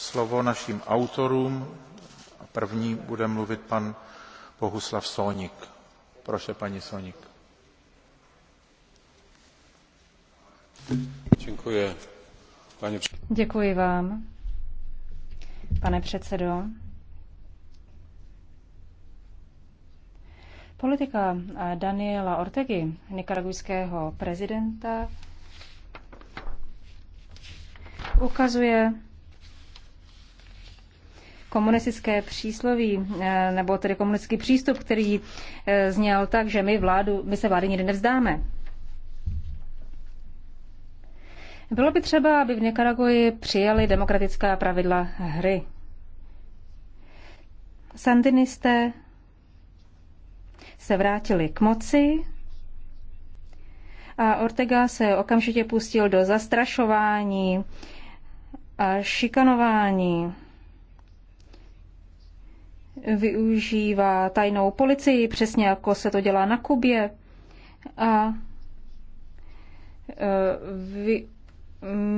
slovo našim autorům. První bude mluvit pan Bohuslav Sonik. Proszę, paní Sonik. Děkuji. Pani... Děkuji vám, pane předsedo. Politika Daniela Ortegy, nikaragujského prezidenta, ukazuje komunistické přísloví, eh, nebo tedy komunistický přístup, který eh, zněl tak, že my, vládu, my se vlády nikdy nevzdáme. Bylo by třeba, aby v Nikaraguji přijali demokratická pravidla hry. Sandinisté se vrátili k moci a Ortega se okamžitě pustil do zastrašování a šikanování využívá tajnou policii, přesně jako se to dělá na Kubě. A e, vy,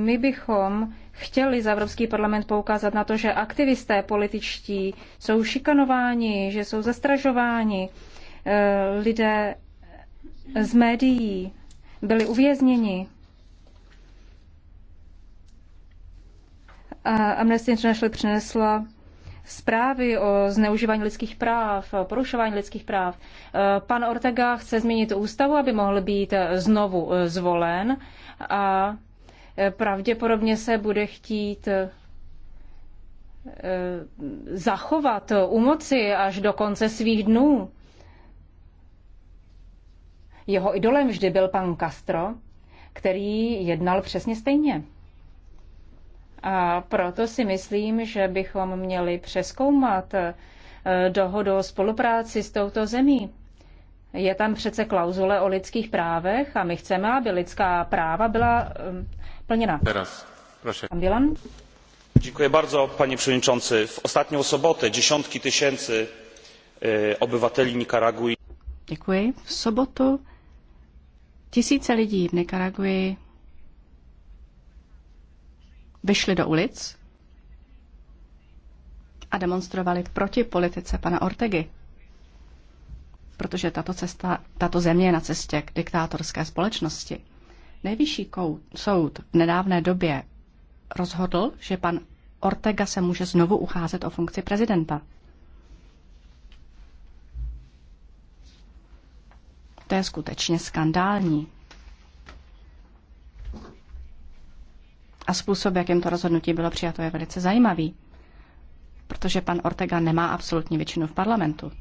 my bychom chtěli za Evropský parlament poukázat na to, že aktivisté političtí jsou šikanováni, že jsou zastražováni. E, lidé z médií byli uvězněni. Amnesty International přinesla zprávy o zneužívání lidských práv, o porušování lidských práv. Eh, pan Ortega chce změnit ústavu, aby mohl být eh, znovu eh, zvolen a pravděpodobně se bude chtít zachovat u moci až do konce svých dnů. Jeho idolem vždy byl pan Castro, který jednal přesně stejně. A proto si myslím, že bychom měli přeskoumat eh, dohodu o spolupráci s touto zemí. Je tam přece klauzule o lidských právech a my chceme, aby lidská práva byla eh, plněna. Teraz, prosím. Ambulan? Dziękuję bardzo, panie przewodniczący. W ostatnią sobotę dziesiątki tysięcy e, obywateli Nikaragui. Dziękuję. W sobotę tysiące ludzi w Nikaragui vyšli do ulic a demonstrovali proti politice pana Ortegy. Protože tato, cesta, tato země je na cestě k diktátorské společnosti. Nejvyšší soud v nedávné době rozhodl, že pan Ortega se může znovu ucházet o funkci prezidenta. To je skutečně skandální. způsob, jakým to rozhodnutí bylo přijato, je velice zajímavý, protože pan Ortega nemá absolutní většinu v parlamentu.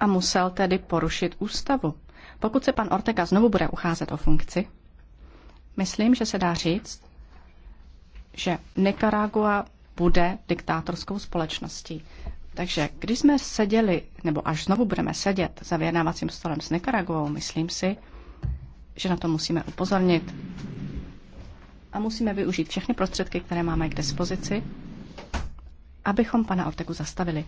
A musel tedy porušit ústavu. Pokud se pan Ortega znovu bude ucházet o funkci, myslím, že se dá říct, že Nicaragua bude diktátorskou společností. Takže když jsme seděli, nebo až znovu budeme sedět za vyjednávacím stolem s Nicaraguou, myslím si, že na to musíme upozornit. A musíme využít všechny prostředky, které máme k dispozici, abychom pana Orteku zastavili.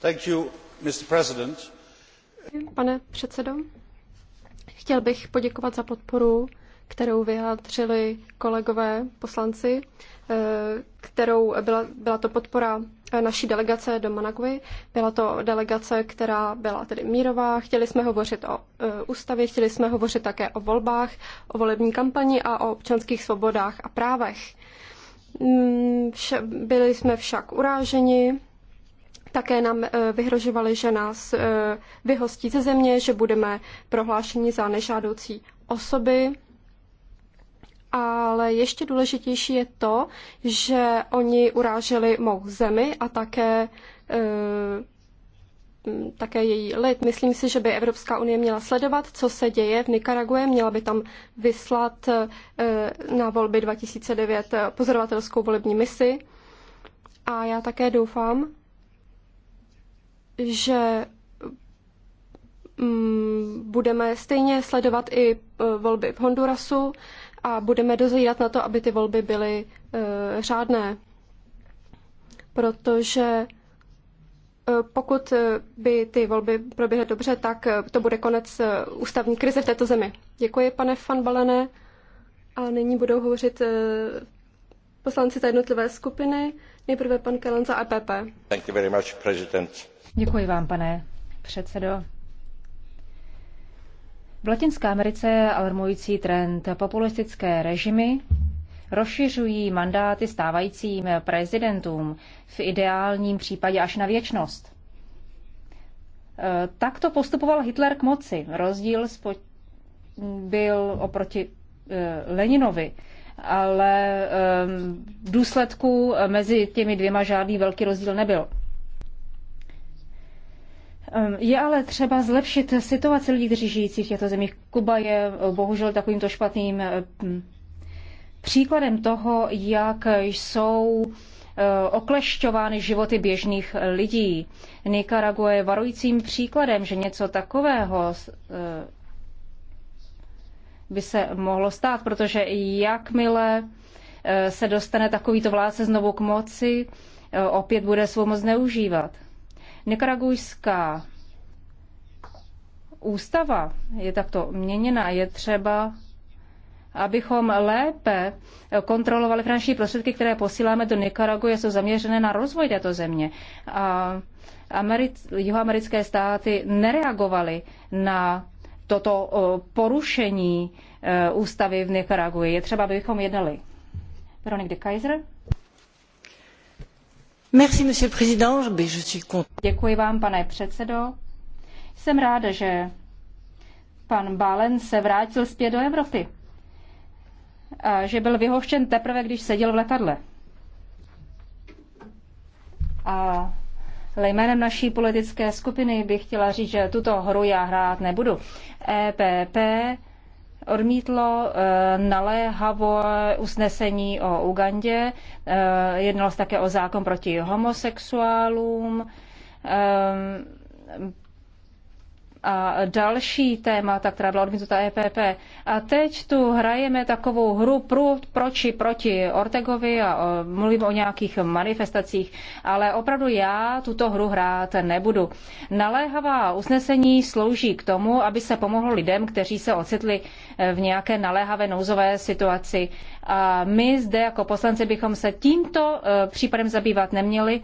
Thank you, Mr. President. Pane předsedo, chtěl bych poděkovat za podporu, kterou vyjádřili kolegové poslanci, eh, kterou byla, byla to podpora Eh, naší delegace do Managvy. Byla to delegace, která byla tedy mírová. Chtěli jsme hovořit o eh, ústavě, chtěli jsme hovořit také o volbách, o volební kampani a o občanských svobodách a právech. Mm, byli jsme však uráženi, také nám eh, vyhrožovali, že nás vyhostí ze země, že budeme prohlášeni za nežádoucí osoby ale ještě důležitější je to, že oni uráželi mou zemi a také eh, také její lid. Myslím si, že by Evropská unie měla sledovat, co se děje v Nikarague, měla by tam vyslat eh, na volby 2009 pozorovatelskou volební misi. A já také doufám, že mm, budeme stejně sledovat i eh, volby v Hondurasu a budeme dozírat na to, aby ty volby byly uh, řádné. Protože e, pokud e, by ty volby proběhly dobře, tak to bude konec ústavní krize v této zemi. Děkuji, pane Van Balené. A nyní budou hovořit poslanci té jednotlivé skupiny. Nejprve pan Kelan za EPP. Děkuji vám, pane předsedo. V Latinské Americe je alarmující trend. Populistické režimy rozšiřují mandáty stávajícím prezidentům v ideálním případě až na věčnost. E, takto postupoval Hitler k moci. Rozdíl spo... byl oproti e, Leninovi, ale e, v důsledku mezi těmi dvěma žádný velký rozdíl nebyl. Ehm, je ale třeba zlepšit situaci lidí, kteří žijící v těchto zemích. Kuba je eh, bohužel takovýmto špatným ehm, příkladem toho, jak jsou eh, oklešťovány životy běžných lidí. Nicaragua je varujícím příkladem, že něco takového eh, by se mohlo stát, protože jakmile se dostane takovýto vládce znovu k moci, opět bude svou moc neužívat. Nikaragujská ústava je takto měněna, je třeba abychom lépe kontrolovali finanční prostředky, které posíláme do Nikaraguje, jsou zaměřené na rozvoj této země. A Americ- jihoamerické státy nereagovaly na toto porušení e, ústavy v Nikaraguji. Je třeba, abychom jednali. Veronik de Kaiser. Děkuji vám, pane předsedající Jsem ráda, že pan Balen se vrátil zpět do Evropy. A že byl vyhoštěn teprve, když seděl v letadle. A jménem naší politické skupiny bych chtěla říct, že tuto hru já hrát nebudu. EPP odmítlo eh, naléhavo usnesení o Ugandě. Eh, jednalo se také o zákon proti homosexuálům ehm, a další témata, která byla odmítnuta EPP. A teď tu hrajeme takovou hru pro, proči proti Ortegovi a o, mluvím o nějakých manifestacích, ale opravdu já tuto hru hrát nebudu. Naléhavá usnesení slouží k tomu, aby se pomohlo lidem, kteří se ocitli eh, v nějaké naléhavé nouzové situaci. A my zde jako poslanci bychom se tímto eh, případem zabývat neměli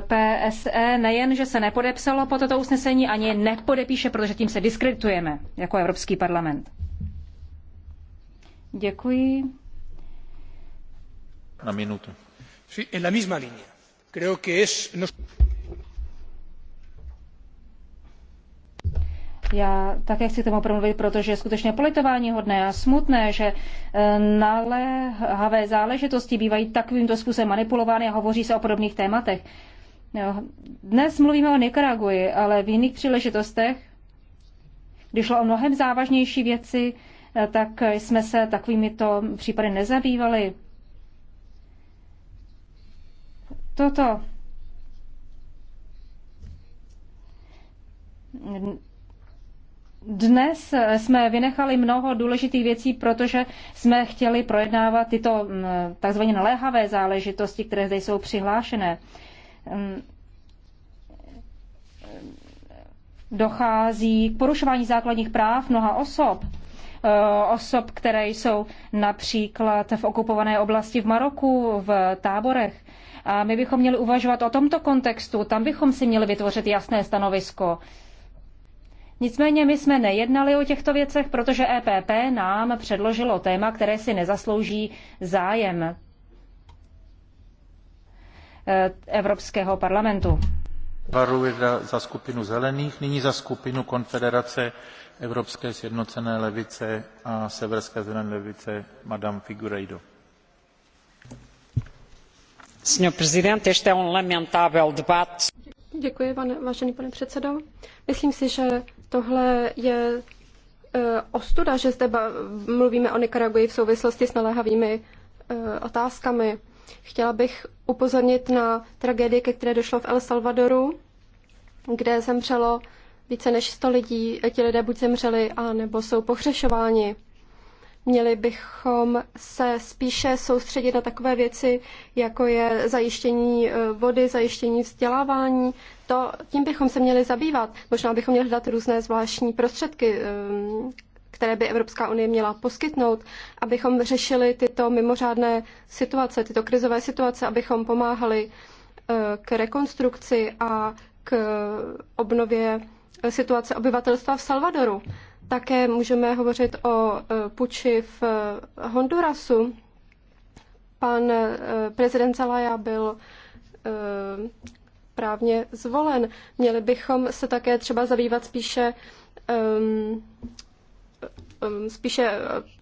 PSE nejen, že se nepodepsalo po toto usnesení, ani nepodepíše, protože tím se diskreditujeme jako Evropský parlament. Děkuji. Na minutu. Sí, en la misma línea. Creo que es... No- Já také chci k tomu promluvit, protože je skutečně politování hodné a smutné, že eh, naléhavé záležitosti bývají takovýmto způsobem manipulovány a hovoří se o podobných tématech. Dnes mluvíme o Nikaraguji, ale v jiných příležitostech, když šlo o mnohem závažnější věci, eh, tak jsme se takovými to případy nezabývali. Toto dnes jsme vynechali mnoho důležitých věcí, protože jsme chtěli projednávat tyto mm, takzvaně naléhavé záležitosti, které zde jsou přihlášené. Mm. Dochází k porušování základních práv mnoha osob e, osob, které jsou například v okupované oblasti v Maroku, v táborech. A my bychom měli uvažovat o tomto kontextu, tam bychom si měli vytvořit jasné stanovisko. Nicméně my jsme nejednali o těchto věcech, protože EPP nám předložilo téma, které si nezaslouží zájem eh, Evropského parlamentu. Varuji za skupinu zelených, nyní za skupinu Konfederace Evropské sjednocené levice a Severské zelené levice Madame Figueiredo. Senhor Presidente, este é um lamentável debat. Děkuji, pane, vážený pane předsedo. Myslím si, že Tohle je e, ostuda, že zde mluvíme o Nikaraguji v souvislosti s naléhavými e, otázkami. Chtěla bych upozornit na tragédii, ke které došlo v El Salvadoru, kde zemřelo více než 100 lidí. Ti lidé buď zemřeli, a nebo jsou pohřešováni. Měli bychom se spíše soustředit na takové věci, jako je zajištění e, vody, zajištění vzdělávání. To, tím bychom se měli zabývat. Možná bychom měli dát různé zvláštní prostředky, e, které by Evropská unie měla poskytnout, abychom řešili tyto mimořádné situace, tyto krizové situace, abychom pomáhali e, k rekonstrukci a k obnově situace obyvatelstva v Salvadoru. Také můžeme hovořit o e, puči v e, Hondurasu. Pan e, prezident Zelaya byl právně zvolen. Měli bychom se také třeba zabývat spíše spíše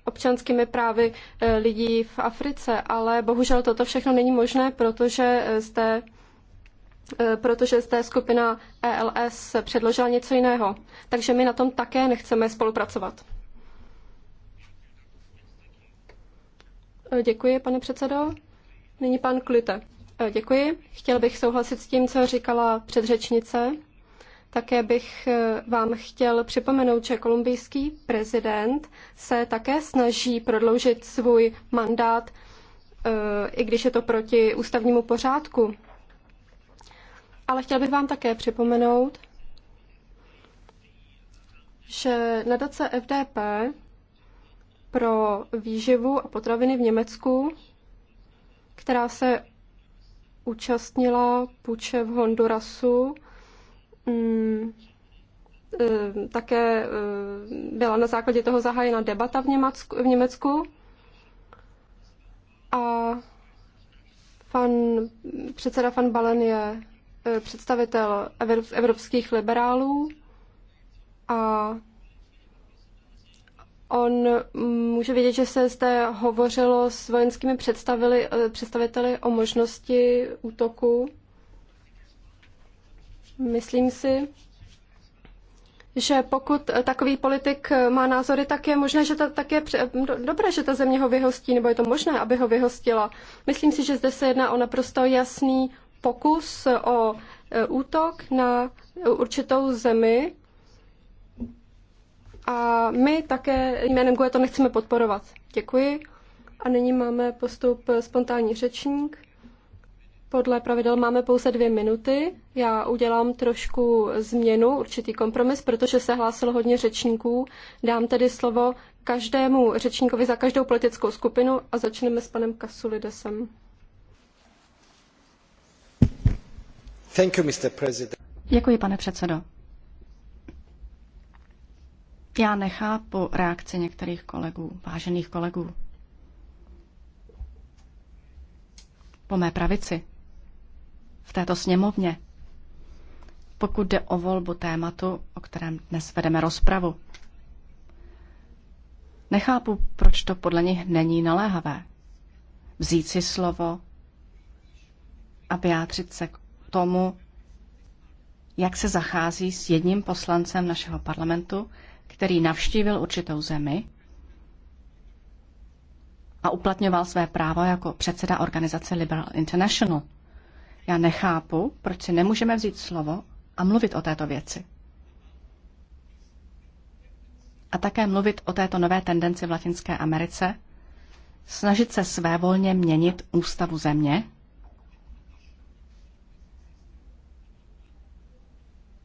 občanskými právy lidí v Africe, ale bohužel toto všechno není možné, protože zde Eh, protože zde skupina ELS předložila něco jiného. Takže my na tom také nechceme spolupracovat. Eh, děkuji, pane předsedo. Nyní pan Klute. Eh, děkuji. Chtěl bych souhlasit s tím, co říkala předřečnice. Také bych vám chtěl připomenout, že kolumbijský prezident se také snaží prodloužit svůj mandát, i když je to proti ústavnímu pořádku. Ale chtěl bych vám také připomenout, že nadace FDP pro výživu a potraviny v Německu, která se účastnila půjče v Hondurasu, mm, eh, také eh, byla na základě toho zahájena debata v Německu, v Německu a pan předseda Van Balen je Eh, představitel evropských liberálů a on může vidět, že se zde hovořilo s vojenskými představili, eh, představiteli o možnosti útoku. Myslím si, že pokud takový politik má názory, tak je možné, že ta, tak je dobré, že ta země ho vyhostí, nebo je to možné, aby ho vyhostila. Myslím si, že zde se jedná o naprosto jasný pokus o e, útok na určitou zemi a my také jménem GUE to nechceme podporovat. Děkuji. A nyní máme postup spontánní řečník. Podle pravidel máme pouze dvě minuty. Já udělám trošku změnu, určitý kompromis, protože se hlásilo hodně řečníků. Dám tedy slovo každému řečníkovi za každou politickou skupinu a začneme s panem Kasulidesem. Děkuji, pane předsedo. Já nechápu reakci některých kolegů, vážených kolegů. Po mé pravici, v této sněmovně, pokud jde o volbu tématu, o kterém dnes vedeme rozpravu. Nechápu, proč to podle nich není naléhavé. Vzít si slovo a vyjádřit se k tomu, jak se zachází s jedním poslancem našeho parlamentu, který navštívil určitou zemi a uplatňoval své práva jako předseda organizace Liberal International. Já nechápu, proč si nemůžeme vzít slovo a mluvit o této věci. A také mluvit o této nové tendenci v Latinské Americe, snažit se svévolně měnit ústavu země,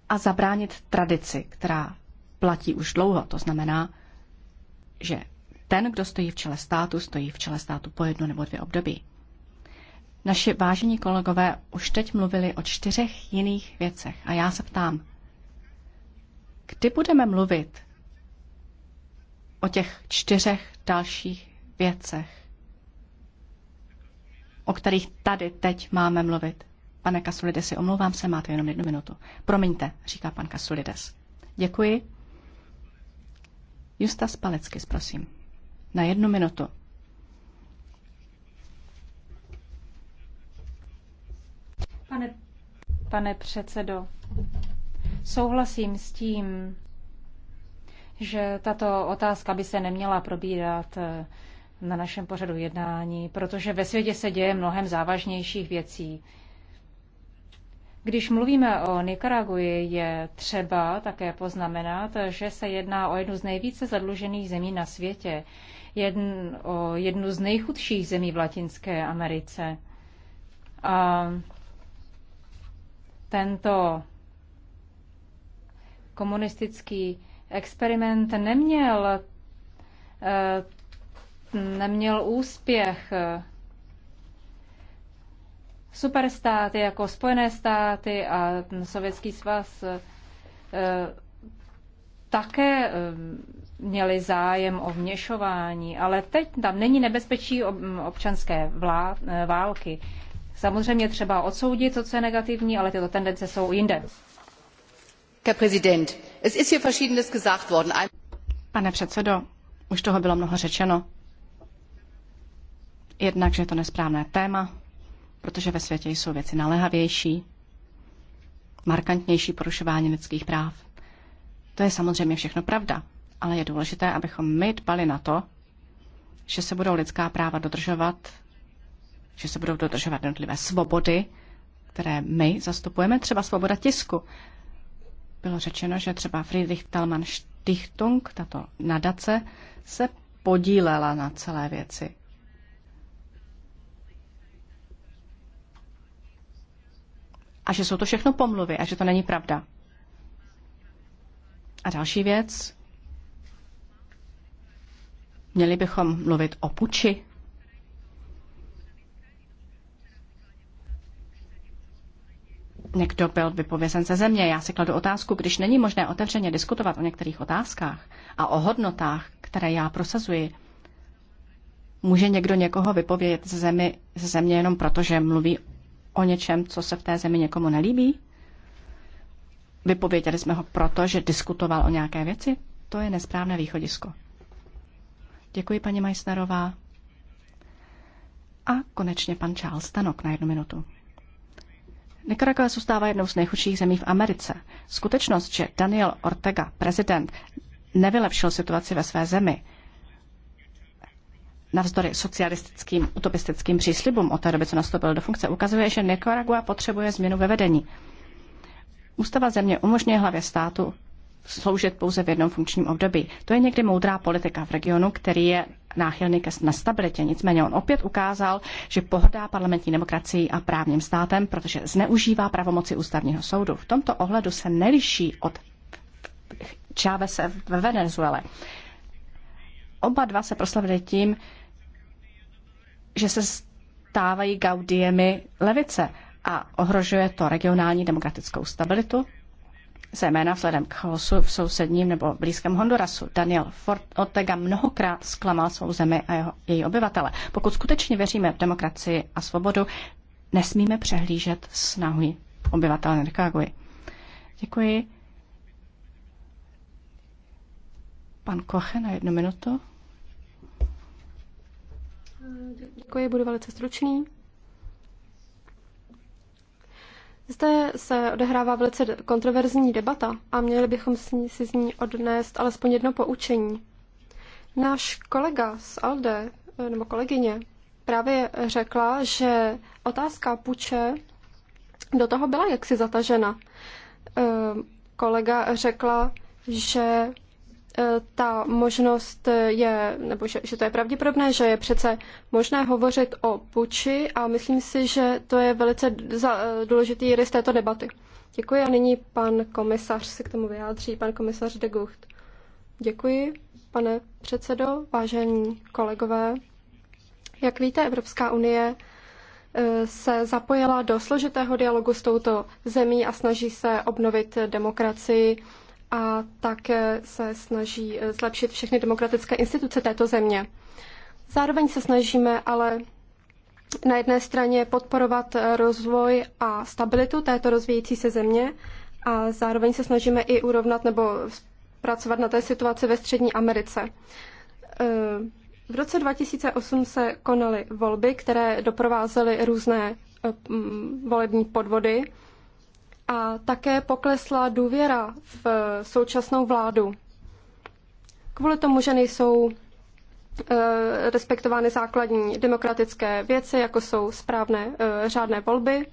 a zabránit tradici, která platí už dlouho. To znamená, že ten, kdo stojí v čele státu, stojí v čele státu po jedno nebo dvě období. Naši vážení kolegové už teď mluvili o čtyřech jiných věcech a já se ptám, kdy budeme mluvit o těch čtyřech dalších věcech, o kterých tady teď máme mluvit? Pane si omlouvám se, máte jenom jednu minutu. Promiňte, říká pan Kasulides. Děkuji. Justas Palecky, prosím. Na jednu minutu. Pane, pane předsedo, souhlasím s tím, že tato otázka by se neměla probírat eh, na našem pořadu jednání, protože ve světě se děje mnohem závažnějších věcí. Když mluvíme o Nikaraguji, je třeba také poznamenat, že se jedná o jednu z nejvíce zadlužených zemí na světě, jedn, o jednu z nejchudších zemí v Latinské Americe. A tento komunistický experiment neměl, eh, neměl úspěch superstáty jako Spojené státy a Sovětský svaz eh, také eh, měli zájem o vněšování, ale teď tam není nebezpečí občanské vlá, eh, války. Samozřejmě třeba odsoudit, co je negativní, ale tyto tendence jsou jinde. Pane předsedo, už toho bylo mnoho řečeno. Jednak, že je to nesprávné téma, protože ve světě jsou věci naléhavější, markantnější porušování lidských práv. To je samozřejmě všechno pravda, ale je důležité, abychom my dbali na to, že se budou lidská práva dodržovat, že se budou dodržovat jednotlivé svobody, které my zastupujeme, třeba svoboda tisku. Bylo řečeno, že třeba Friedrich Talman Stichtung, tato nadace, se podílela na celé věci. a že jsou to všechno pomluvy a že to není pravda. A další věc. Měli bychom mluvit o puči. Někdo byl vypovězen ze země. Já si kladu otázku, když není možné otevřeně diskutovat o některých otázkách a o hodnotách, které já prosazuji, může někdo někoho vypovědět ze, zemi, ze země jenom proto, že mluví o něčem, co se v té zemi někomu nelíbí? Vypověděli jsme ho proto, že diskutoval o nějaké věci? To je nesprávné východisko. Děkuji, paní Majsnerová. A konečně pan Charles Stanok na jednu minutu. Nicaragua zůstává jednou z nejchudších zemí v Americe. Skutečnost, že Daniel Ortega, prezident, nevylepšil situaci ve své zemi, navzdory socialistickým utopistickým příslibům od té doby, co nastoupil do funkce, ukazuje, že Nicaragua potřebuje změnu ve vedení. Ústava země umožňuje hlavě státu sloužit pouze v jednom funkčním období. To je někdy moudrá politika v regionu, který je náchylný ke nestabilitě. Nicméně on opět ukázal, že pohodá parlamentní demokracií a právním státem, protože zneužívá pravomoci ústavního soudu. V tomto ohledu se neliší od Chávese ve Venezuele. Oba dva se proslavili tím, že se stávají gaudiemi levice a ohrožuje to regionální demokratickou stabilitu, zejména vzhledem k chaosu v sousedním nebo blízkém Hondurasu. Daniel Ford Ortega mnohokrát zklamal svou zemi a jeho, její obyvatele. Pokud skutečně věříme v demokracii a svobodu, nesmíme přehlížet snahy obyvatel Nicaraguji. Děkuji. Pan Koche na jednu minutu. Děkuji, budu velice stručný. Zde se odehrává velice kontroverzní debata a měli bychom si z ní odnést alespoň jedno poučení. Náš kolega z ALDE, nebo kolegyně, právě řekla, že otázka puče do toho byla jaksi zatažena. Ehm, kolega řekla, že E, ta možnost je, nebo že, že to je pravděpodobné, že je přece možné hovořit o puči a myslím si, že to je velice e, důležitý rys této debaty. Děkuji a nyní pan komisař se k tomu vyjádří, pan komisař de Gucht. Děkuji, pane předsedo, vážení kolegové. Jak víte, Evropská unie e, se zapojila do složitého dialogu s touto zemí a snaží se obnovit demokracii a také se snaží eh, zlepšit všechny demokratické instituce této země. Zároveň se snažíme ale na jedné straně podporovat eh, rozvoj a stabilitu této rozvíjící se země a zároveň se snažíme i urovnat nebo pracovat na té situaci ve Střední Americe. Eh, v roce 2008 se konaly volby, které doprovázely různé volební podvody a také poklesla důvěra v eh, současnou vládu. Kvůli tomu, že nejsou eh, respektovány základní demokratické věci, jako jsou správné eh, řádné volby,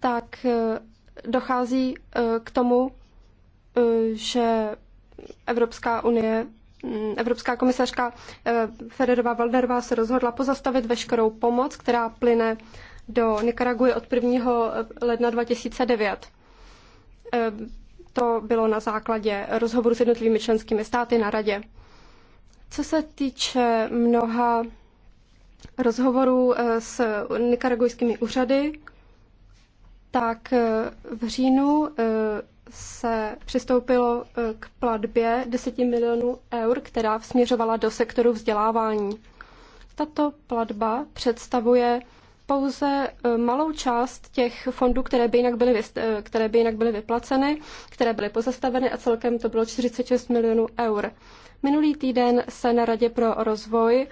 tak dochází k tomu, že Evropská unie, hm, Evropská komisařka Federová Valderová se rozhodla pozastavit veškerou pomoc, která plyne do Nikaraguje od 1. Eh, ledna 2009. Eh, to bylo na základě rozhovoru s jednotlivými členskými státy na radě. Co se týče mnoha rozhovorů eh, s nikaragujskými úřady, tak v říjnu se přistoupilo k platbě 10 milionů eur, která směřovala do sektoru vzdělávání. Tato platba představuje pouze eh, malou část těch fondů, které by jinak byly, eh, které by jinak byly vyplaceny, které byly pozastaveny a celkem to bylo 46 milionů eur. Minulý týden se na Radě pro rozvoj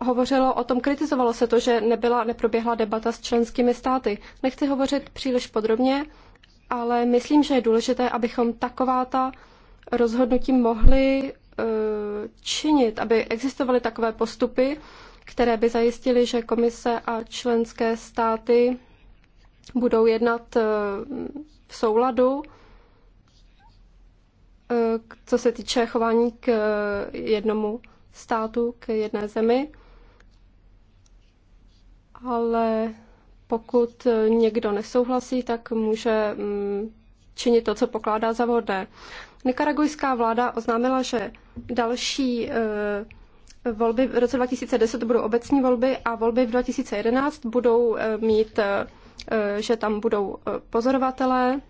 hovořilo o tom, kritizovalo se to, že nebyla, neproběhla debata s členskými státy. Nechci hovořit příliš podrobně, ale myslím, že je důležité, abychom taková ta rozhodnutí mohli eh, činit, aby existovaly takové postupy, které by zajistily, že komise a členské státy budou jednat eh, v souladu, eh, co se týče chování k eh, jednomu státu, k jedné zemi. Ale pokud někdo nesouhlasí, tak může mm, činit to, co pokládá za vhodné. Nikaragujská vláda oznámila, že další volby v roce 2010 budou obecní volby a volby v 2011 budou eh, mít, eh, eh, že tam budou pozorovatelé.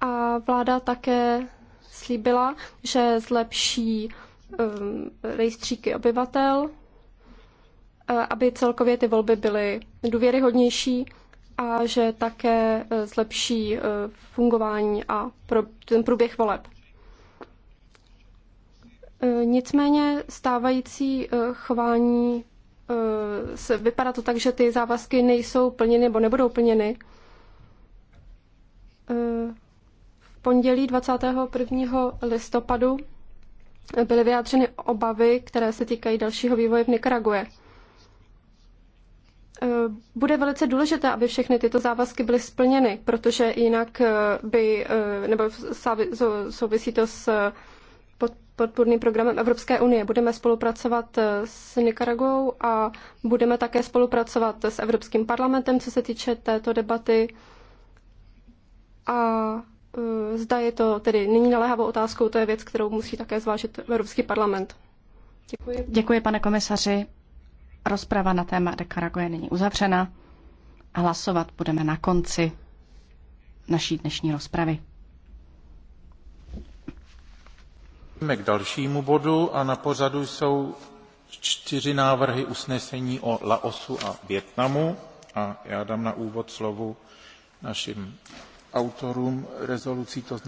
A vláda také slíbila, že zlepší rejstříky obyvatel, aby celkově ty volby byly důvěryhodnější a že také zlepší fungování a ten průběh voleb. Eh, nicméně stávající eh, chování eh, se vypadá to tak, že ty závazky nejsou plněny nebo nebudou plněny. V pondělí 21. listopadu byly vyjádřeny obavy, které se týkají dalšího vývoje v Nikarague. Bude velice důležité, aby všechny tyto závazky byly splněny, protože jinak by, nebo souvisí to s podpůrným programem Evropské unie. Budeme spolupracovat eh, s Nikaragou a budeme také spolupracovat s Evropským parlamentem, co se týče této debaty. A eh, zda je to tedy nyní naléhavou otázkou, to je věc, kterou musí také zvážit Evropský parlament. Děkuji. Děkuji, pane komisaři. Rozprava na téma Nikaragu je nyní uzavřena a hlasovat budeme na konci naší dnešní rozpravy. Jdeme k dalšímu bodu a na pořadu jsou čtyři návrhy usnesení o Laosu a Vietnamu a já dám na úvod slovo našim autorům rezolucí, to